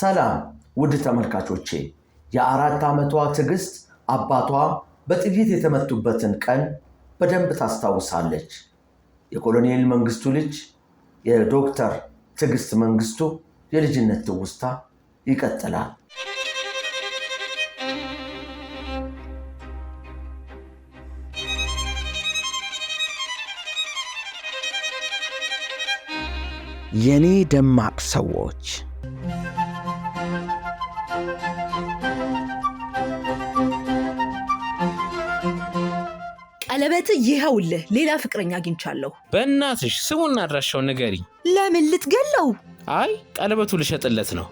ሰላም ውድ ተመልካቾቼ፣ የአራት ዓመቷ ትዕግስት አባቷ በጥይት የተመቱበትን ቀን በደንብ ታስታውሳለች። የኮሎኔል መንግስቱ ልጅ የዶክተር ትዕግስት መንግስቱ የልጅነት ትውስታ ይቀጥላል። የኔ ደማቅ ሰዎች ለበት ይኸውልህ፣ ሌላ ፍቅረኛ አግኝቻለሁ። በእናትሽ ስሙና አድራሻውን ንገሪኝ። ለምን ልትገለው? አይ ቀለበቱ ልሸጥለት ነው።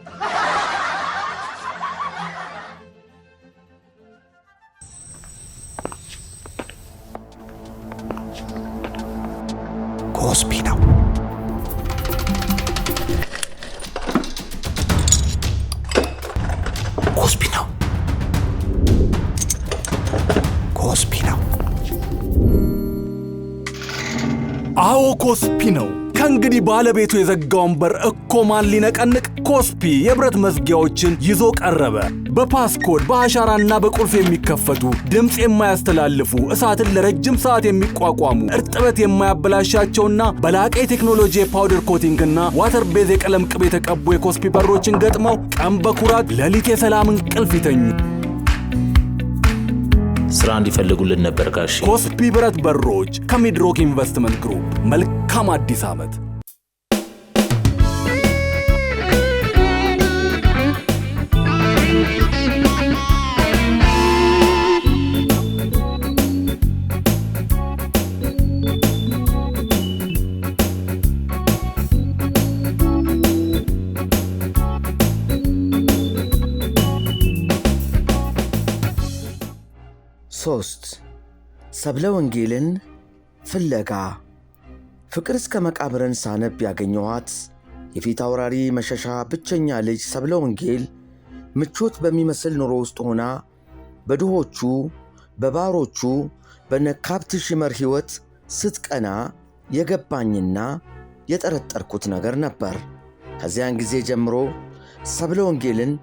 አዎ ኮስፒ ነው። ከእንግዲህ ባለቤቱ የዘጋውን በር እኮ ማን ሊነቀንቅ? ኮስፒ የብረት መዝጊያዎችን ይዞ ቀረበ። በፓስኮድ በአሻራና በቁልፍ የሚከፈቱ ድምፅ የማያስተላልፉ እሳትን ለረጅም ሰዓት የሚቋቋሙ እርጥበት የማያበላሻቸውና በላቀ የቴክኖሎጂ የፓውደር ኮቲንግና ዋተር ቤዝ የቀለም ቅብ የተቀቡ የኮስፒ በሮችን ገጥመው ቀን በኩራት ሌሊት የሰላም እንቅልፍ ይተኙ። ስራ እንዲፈልጉልን ነበር ጋሽ ኮስፒ ብረት በሮች ከሚድሮክ ኢንቨስትመንት ግሩፕ መልካም አዲስ ዓመት ሶስት ሰብለ ወንጌልን ፍለጋ ፍቅር እስከ መቃብርን ሳነብ ያገኘኋት የፊት አውራሪ መሸሻ ብቸኛ ልጅ ሰብለ ወንጌል ምቾት በሚመስል ኑሮ ውስጥ ሆና በድሆቹ በባሮቹ በነካብት ሽመር ሕይወት ስትቀና የገባኝና የጠረጠርኩት ነገር ነበር። ከዚያን ጊዜ ጀምሮ ሰብለ ወንጌልን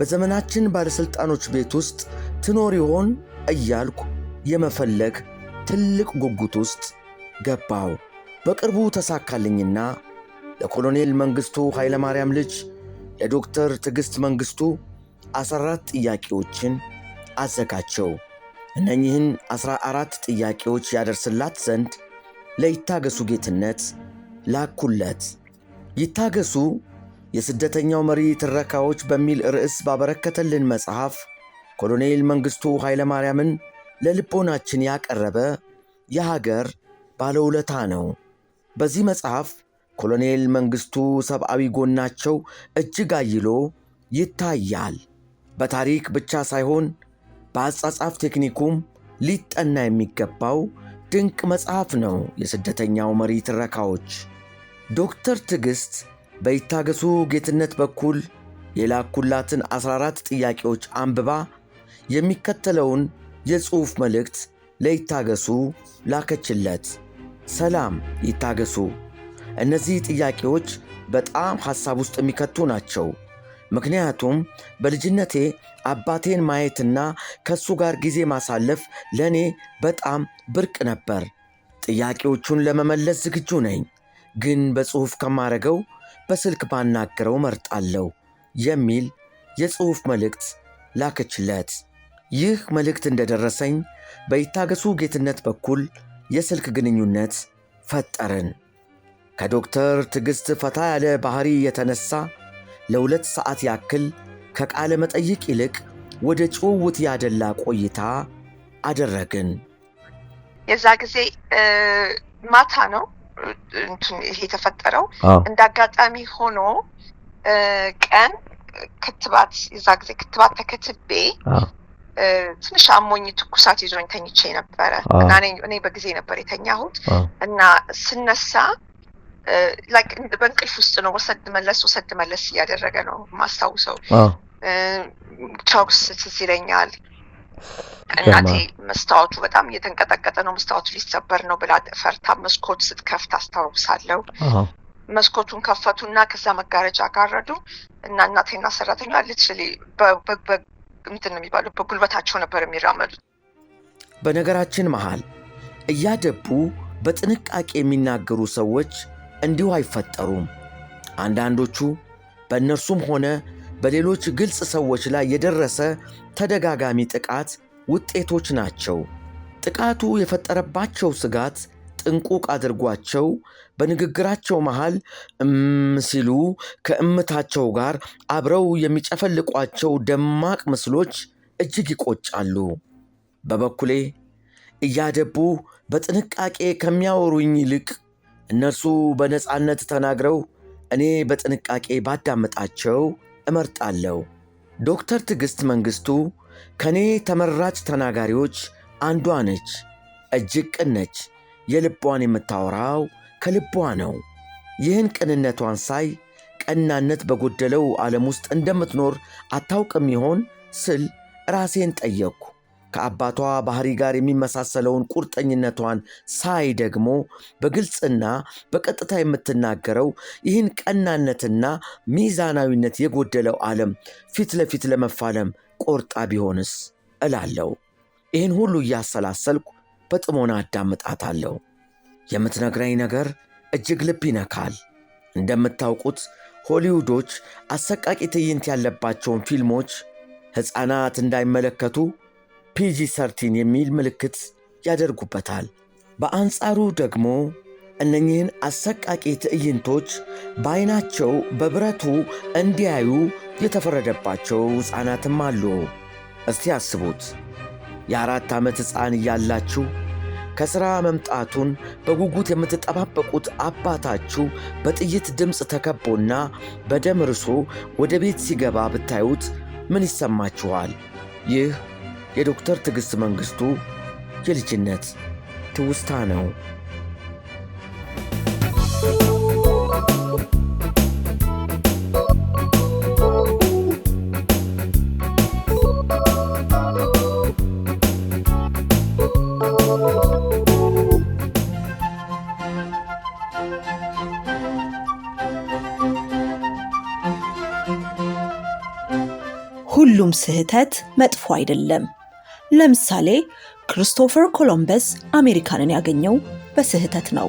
በዘመናችን ባለሥልጣኖች ቤት ውስጥ ትኖር ይሆን እያልኩ የመፈለግ ትልቅ ጉጉት ውስጥ ገባው። በቅርቡ ተሳካልኝና ለኮሎኔል መንግሥቱ ኃይለማርያም ልጅ ለዶክተር ትዕግሥት መንግሥቱ አስራ አራት ጥያቄዎችን አዘጋጀው። እነኚህን አስራ አራት ጥያቄዎች ያደርስላት ዘንድ ለይታገሱ ጌትነት ላኩለት። ይታገሱ የስደተኛው መሪ ትረካዎች በሚል ርዕስ ባበረከተልን መጽሐፍ ኮሎኔል መንግሥቱ ኃይለማርያምን ለልቦናችን ያቀረበ የሀገር ባለውለታ ነው። በዚህ መጽሐፍ ኮሎኔል መንግሥቱ ሰብአዊ ጎናቸው እጅግ አይሎ ይታያል። በታሪክ ብቻ ሳይሆን በአጻጻፍ ቴክኒኩም ሊጠና የሚገባው ድንቅ መጽሐፍ ነው። የስደተኛው መሪ ትረካዎች ዶክተር ትዕግሥት በይታገሱ ጌትነት በኩል የላኩላትን 14 ጥያቄዎች አንብባ የሚከተለውን የጽሑፍ መልእክት ለይታገሱ ላከችለት። ሰላም ይታገሱ። እነዚህ ጥያቄዎች በጣም ሐሳብ ውስጥ የሚከቱ ናቸው። ምክንያቱም በልጅነቴ አባቴን ማየትና ከሱ ጋር ጊዜ ማሳለፍ ለእኔ በጣም ብርቅ ነበር። ጥያቄዎቹን ለመመለስ ዝግጁ ነኝ፣ ግን በጽሑፍ ከማረገው በስልክ ባናገረው መርጣለሁ የሚል የጽሑፍ መልእክት ላከችለት። ይህ መልእክት እንደደረሰኝ በይታገሱ ጌትነት በኩል የስልክ ግንኙነት ፈጠርን። ከዶክተር ትዕግሥት ፈታ ያለ ባሕሪ የተነሣ ለሁለት ሰዓት ያክል ከቃለ መጠይቅ ይልቅ ወደ ጭውውት ያደላ ቆይታ አደረግን። የዛ ጊዜ ማታ ነው ይሄ የተፈጠረው። እንደ አጋጣሚ ሆኖ ቀን ክትባት የዛ ጊዜ ክትባት ተከትቤ ትንሽ አሞኝ ትኩሳት ይዞኝ ተኝቼ ነበረ እና እኔ በጊዜ ነበር የተኛሁት እና ስነሳ በእንቅልፍ ውስጥ ነው ወሰድ መለስ ወሰድ መለስ እያደረገ ነው ማስታውሰው ቻውስ ትዝ ይለኛል። እናቴ መስታወቱ በጣም እየተንቀጠቀጠ ነው፣ መስታወቱ ሊሰበር ነው ብላ ፈርታ መስኮት ስትከፍት አስታውሳለው መስኮቱን ከፈቱ እና ከዛ መጋረጃ ጋረዱ እና እናቴና ሰራተኛ ልትችል እንትን የሚባለው በጉልበታቸው ነበር የሚራመዱት። በነገራችን መሃል እያደቡ በጥንቃቄ የሚናገሩ ሰዎች እንዲሁ አይፈጠሩም። አንዳንዶቹ በእነርሱም ሆነ በሌሎች ግልጽ ሰዎች ላይ የደረሰ ተደጋጋሚ ጥቃት ውጤቶች ናቸው። ጥቃቱ የፈጠረባቸው ስጋት ጥንቁቅ አድርጓቸው በንግግራቸው መሃል እም ሲሉ ከእምታቸው ጋር አብረው የሚጨፈልቋቸው ደማቅ ምስሎች እጅግ ይቆጫሉ። በበኩሌ እያደቡ በጥንቃቄ ከሚያወሩኝ ይልቅ እነርሱ በነፃነት ተናግረው እኔ በጥንቃቄ ባዳምጣቸው እመርጣለሁ። ዶክተር ትዕግሥት መንግሥቱ ከእኔ ተመራጭ ተናጋሪዎች አንዷ ነች። እጅግ ቅን ነች። የልቧን የምታወራው ከልቧ ነው። ይህን ቅንነቷን ሳይ ቀናነት በጎደለው ዓለም ውስጥ እንደምትኖር አታውቅም ይሆን ስል ራሴን ጠየቅኩ። ከአባቷ ባህሪ ጋር የሚመሳሰለውን ቁርጠኝነቷን ሳይ ደግሞ በግልጽና በቀጥታ የምትናገረው ይህን ቀናነትና ሚዛናዊነት የጎደለው ዓለም ፊት ለፊት ለመፋለም ቆርጣ ቢሆንስ እላለው ይህን ሁሉ እያሰላሰልኩ በጥሞና አዳምጣታለሁ። የምትነግረኝ ነገር እጅግ ልብ ይነካል። እንደምታውቁት ሆሊውዶች አሰቃቂ ትዕይንት ያለባቸውን ፊልሞች ሕፃናት እንዳይመለከቱ ፒጂ ሰርቲን የሚል ምልክት ያደርጉበታል። በአንጻሩ ደግሞ እነኚህን አሰቃቂ ትዕይንቶች በዐይናቸው በብረቱ እንዲያዩ የተፈረደባቸው ሕፃናትም አሉ። እስቲ አስቡት። የአራት ዓመት ሕፃን እያላችሁ ከሥራ መምጣቱን በጉጉት የምትጠባበቁት አባታችሁ በጥይት ድምፅ ተከቦና በደም ርሶ ወደ ቤት ሲገባ ብታዩት ምን ይሰማችኋል? ይህ የዶክተር ትዕግሥት መንግሥቱ የልጅነት ትውስታ ነው። ማንኛውም ስህተት መጥፎ አይደለም። ለምሳሌ ክሪስቶፈር ኮሎምበስ አሜሪካንን ያገኘው በስህተት ነው።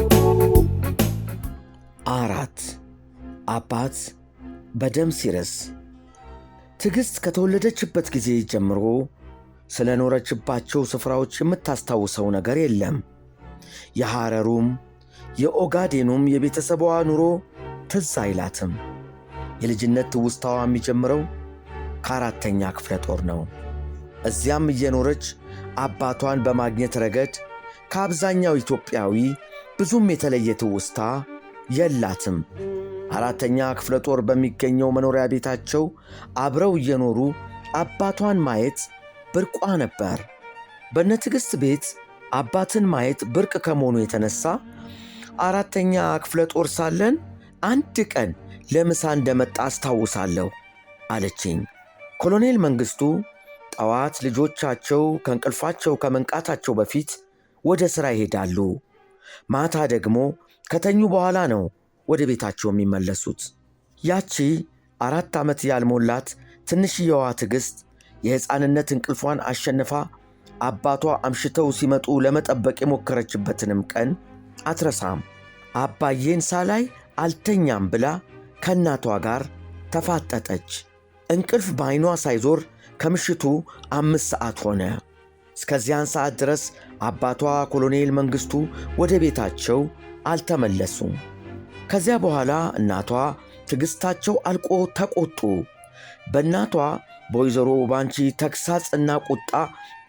አራት አባት በደም ሲረስ ትዕግሥት ከተወለደችበት ጊዜ ጀምሮ ስለ ኖረችባቸው ስፍራዎች የምታስታውሰው ነገር የለም። የሐረሩም የኦጋዴኑም የቤተሰቧ ኑሮ ትዝ አይላትም። የልጅነት ትውስታዋ የሚጀምረው ከአራተኛ ክፍለ ጦር ነው። እዚያም እየኖረች አባቷን በማግኘት ረገድ ከአብዛኛው ኢትዮጵያዊ ብዙም የተለየ ትውስታ የላትም። አራተኛ ክፍለ ጦር በሚገኘው መኖሪያ ቤታቸው አብረው እየኖሩ አባቷን ማየት ብርቋ ነበር። በነ ትዕግሥት ቤት አባትን ማየት ብርቅ ከመሆኑ የተነሳ አራተኛ ክፍለ ጦር ሳለን አንድ ቀን ለምሳ እንደመጣ አስታውሳለሁ አለችኝ። ኮሎኔል መንግሥቱ ጠዋት ልጆቻቸው ከእንቅልፋቸው ከመንቃታቸው በፊት ወደ ሥራ ይሄዳሉ። ማታ ደግሞ ከተኙ በኋላ ነው ወደ ቤታቸው የሚመለሱት። ያቺ አራት ዓመት ያልሞላት ትንሽየዋ ትዕግሥት የሕፃንነት እንቅልፏን አሸንፋ አባቷ አምሽተው ሲመጡ ለመጠበቅ የሞከረችበትንም ቀን አትረሳም። አባዬን ሳላይ አልተኛም ብላ ከእናቷ ጋር ተፋጠጠች። እንቅልፍ በዐይኗ ሳይዞር ከምሽቱ አምስት ሰዓት ሆነ። እስከዚያን ሰዓት ድረስ አባቷ ኮሎኔል መንግሥቱ ወደ ቤታቸው አልተመለሱም። ከዚያ በኋላ እናቷ ትዕግሥታቸው አልቆ ተቆጡ። በእናቷ በወይዘሮ ባንቺ ተግሳጽ እና ቁጣ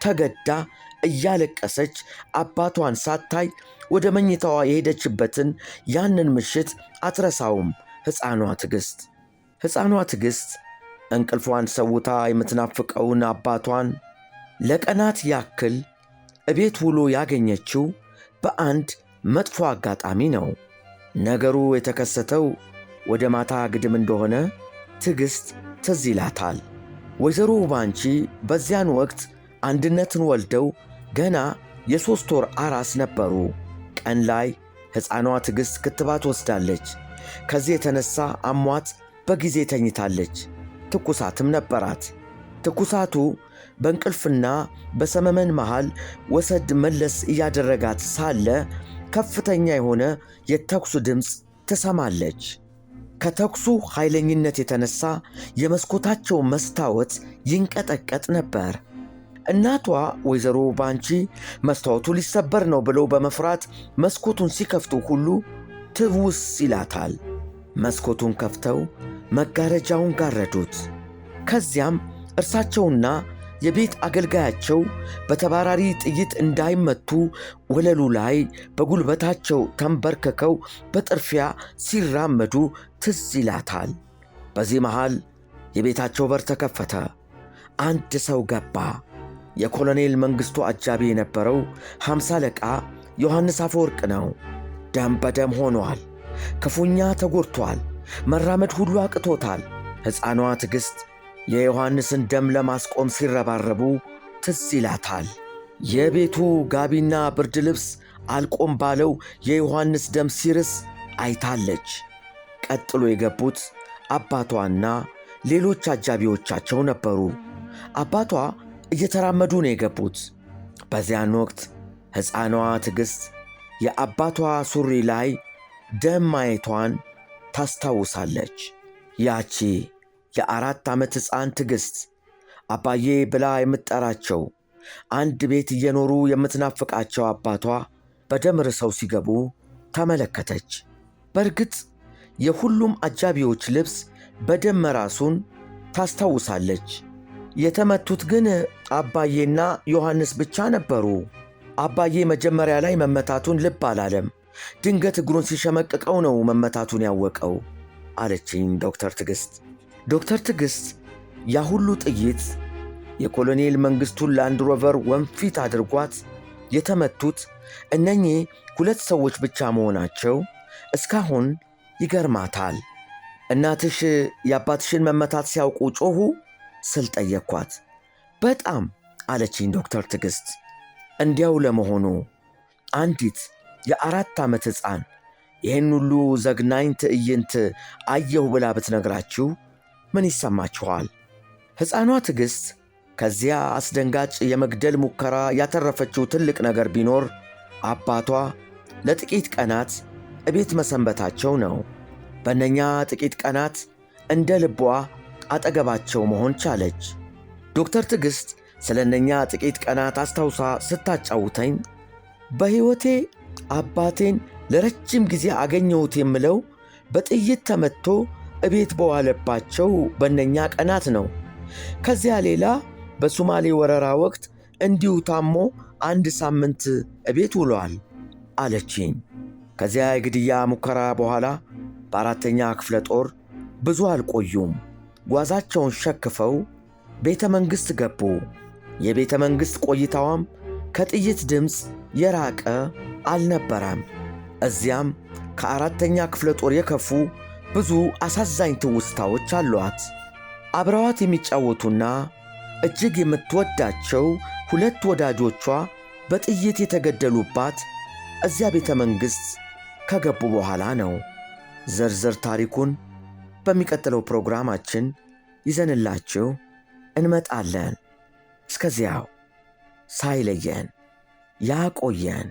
ተገዳ እያለቀሰች አባቷን ሳታይ ወደ መኝታዋ የሄደችበትን ያንን ምሽት አትረሳውም ሕፃኗ ትዕግሥት። ሕፃኗ ትዕግሥት እንቅልፏን ሰውታ የምትናፍቀውን አባቷን ለቀናት ያክል እቤት ውሎ ያገኘችው በአንድ መጥፎ አጋጣሚ ነው። ነገሩ የተከሰተው ወደ ማታ ግድም እንደሆነ ትዕግሥት ትዝ ይላታል። ወይዘሮ ውባንቺ በዚያን ወቅት አንድነትን ወልደው ገና የሦስት ወር አራስ ነበሩ። ቀን ላይ ሕፃኗ ትዕግሥት ክትባት ወስዳለች። ከዚህ የተነሣ አሟት በጊዜ ተኝታለች። ትኩሳትም ነበራት። ትኩሳቱ በእንቅልፍና በሰመመን መሃል ወሰድ መለስ እያደረጋት ሳለ ከፍተኛ የሆነ የተኩስ ድምፅ ትሰማለች። ከተኩሱ ኃይለኝነት የተነሳ የመስኮታቸው መስታወት ይንቀጠቀጥ ነበር። እናቷ ወይዘሮ ባንቺ መስታወቱ ሊሰበር ነው ብለው በመፍራት መስኮቱን ሲከፍቱ ሁሉ ትውስ ይላታል። መስኮቱን ከፍተው መጋረጃውን ጋረዱት። ከዚያም እርሳቸውና የቤት አገልጋያቸው በተባራሪ ጥይት እንዳይመቱ ወለሉ ላይ በጉልበታቸው ተንበርክከው በጥርፊያ ሲራመዱ ትዝ ይላታል። በዚህ መሃል የቤታቸው በር ተከፈተ። አንድ ሰው ገባ። የኮሎኔል መንግሥቱ አጃቢ የነበረው ሐምሳ አለቃ ዮሐንስ አፈወርቅ ነው። ደም በደም ሆኗል። ክፉኛ ተጎድቷል። መራመድ ሁሉ አቅቶታል። ሕፃኗ ትዕግሥት የዮሐንስን ደም ለማስቆም ሲረባረቡ ትዝ ይላታል። የቤቱ ጋቢና ብርድ ልብስ አልቆም ባለው የዮሐንስ ደም ሲርስ አይታለች። ቀጥሎ የገቡት አባቷና ሌሎች አጃቢዎቻቸው ነበሩ። አባቷ እየተራመዱ ነው የገቡት። በዚያን ወቅት ሕፃኗ ትዕግሥት የአባቷ ሱሪ ላይ ደም ማየቷን ታስታውሳለች። ያቺ የአራት ዓመት ሕፃን ትዕግሥት፣ አባዬ ብላ የምትጠራቸው አንድ ቤት እየኖሩ የምትናፍቃቸው አባቷ በደም ርሰው ሲገቡ ተመለከተች። በእርግጥ የሁሉም አጃቢዎች ልብስ በደም መራሱን ታስታውሳለች። የተመቱት ግን አባዬና ዮሐንስ ብቻ ነበሩ። አባዬ መጀመሪያ ላይ መመታቱን ልብ አላለም። ድንገት እግሩን ሲሸመቅቀው ነው መመታቱን ያወቀው አለችኝ ዶክተር ትዕግሥት። ዶክተር ትዕግሥት ያ ሁሉ ጥይት የኮሎኔል መንግሥቱን ላንድ ሮቨር ወንፊት አድርጓት የተመቱት እነኚህ ሁለት ሰዎች ብቻ መሆናቸው እስካሁን ይገርማታል። እናትሽ የአባትሽን መመታት ሲያውቁ ጮኹ ስል ጠየቅኳት። በጣም አለችኝ ዶክተር ትዕግሥት። እንዲያው ለመሆኑ አንዲት የአራት ዓመት ሕፃን ይህን ሁሉ ዘግናኝ ትዕይንት አየሁ ብላ ብትነግራችሁ ምን ይሰማችኋል? ሕፃኗ ትዕግሥት ከዚያ አስደንጋጭ የመግደል ሙከራ ያተረፈችው ትልቅ ነገር ቢኖር አባቷ ለጥቂት ቀናት እቤት መሰንበታቸው ነው። በነኛ ጥቂት ቀናት እንደ ልቧ አጠገባቸው መሆን ቻለች። ዶክተር ትዕግሥት ስለ እነኛ ጥቂት ቀናት አስታውሳ ስታጫውተኝ በሕይወቴ አባቴን ለረጅም ጊዜ አገኘሁት የምለው በጥይት ተመትቶ እቤት በዋለባቸው በነኛ ቀናት ነው። ከዚያ ሌላ በሱማሌ ወረራ ወቅት እንዲሁ ታሞ አንድ ሳምንት እቤት ውሏል አለችኝ። ከዚያ የግድያ ሙከራ በኋላ በአራተኛ ክፍለ ጦር ብዙ አልቆዩም። ጓዛቸውን ሸክፈው ቤተ መንግሥት ገቡ። የቤተ መንግሥት ቆይታዋም ከጥይት ድምፅ የራቀ አልነበረም። እዚያም ከአራተኛ ክፍለ ጦር የከፉ ብዙ አሳዛኝ ትውስታዎች አሏት። አብረዋት የሚጫወቱና እጅግ የምትወዳቸው ሁለት ወዳጆቿ በጥይት የተገደሉባት እዚያ ቤተ መንግሥት ከገቡ በኋላ ነው። ዝርዝር ታሪኩን በሚቀጥለው ፕሮግራማችን ይዘንላችሁ እንመጣለን። እስከዚያው ሳይለየን ያቆየን።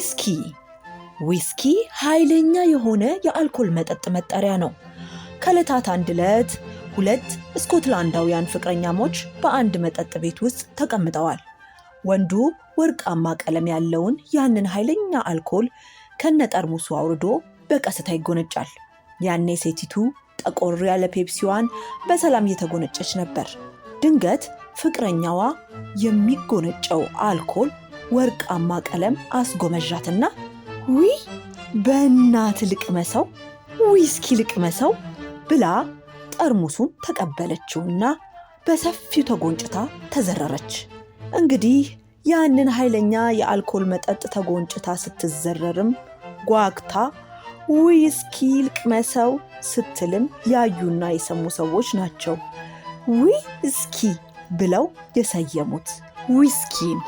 ዊስኪ ዊስኪ ኃይለኛ የሆነ የአልኮል መጠጥ መጠሪያ ነው። ከዕለታት አንድ ዕለት ሁለት ስኮትላንዳውያን ፍቅረኛሞች በአንድ መጠጥ ቤት ውስጥ ተቀምጠዋል። ወንዱ ወርቃማ ቀለም ያለውን ያንን ኃይለኛ አልኮል ከነጠርሙሱ አውርዶ በቀስታ ይጎነጫል። ያኔ ሴቲቱ ጠቆር ያለ ፔፕሲዋን በሰላም እየተጎነጨች ነበር። ድንገት ፍቅረኛዋ የሚጎነጨው አልኮል ወርቃማ ቀለም አስጎመዣትና ዊ በእናት ልቅመሰው ዊስኪ ልቅመሰው ብላ ጠርሙሱን ተቀበለችውና በሰፊው ተጎንጭታ ተዘረረች። እንግዲህ ያንን ኃይለኛ የአልኮል መጠጥ ተጎንጭታ ስትዘረርም ጓግታ ዊስኪ ልቅመሰው ስትልም ያዩና የሰሙ ሰዎች ናቸው ዊስኪ ብለው የሰየሙት ዊስኪን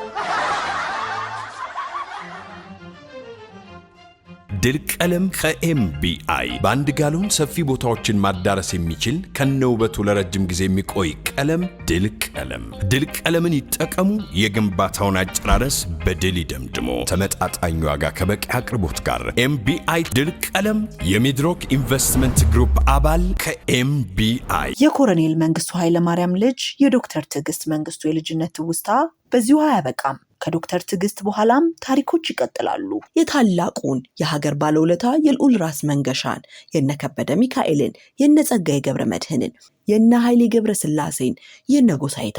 ድል ቀለም ከኤምቢአይ በአንድ ጋሎን ሰፊ ቦታዎችን ማዳረስ የሚችል ከነውበቱ ለረጅም ጊዜ የሚቆይ ቀለም ድል ቀለም። ድል ቀለምን ይጠቀሙ። የግንባታውን አጨራረስ በድል ይደምድሞ። ተመጣጣኝ ዋጋ ከበቂ አቅርቦት ጋር ኤምቢአይ ድል ቀለም የሚድሮክ ኢንቨስትመንት ግሩፕ አባል ከኤምቢአይ። የኮሎኔል መንግስቱ ኃይለማርያም ልጅ የዶክተር ትዕግስት መንግስቱ የልጅነት ትውስታ በዚሁ አያበቃም። ከዶክተር ትዕግስት በኋላም ታሪኮች ይቀጥላሉ። የታላቁን የሀገር ባለውለታ የልዑል ራስ መንገሻን፣ የነከበደ ሚካኤልን፣ የነጸጋዬ ገብረ መድህንን የነ ኃይሌ ገብረ ስላሴን፣ የነ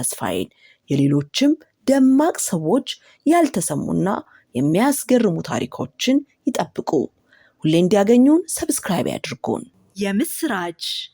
ተስፋዬን፣ የሌሎችም ደማቅ ሰዎች ያልተሰሙና የሚያስገርሙ ታሪኮችን ይጠብቁ። ሁሌ እንዲያገኙን ሰብስክራይብ ያድርጉን። የምስራች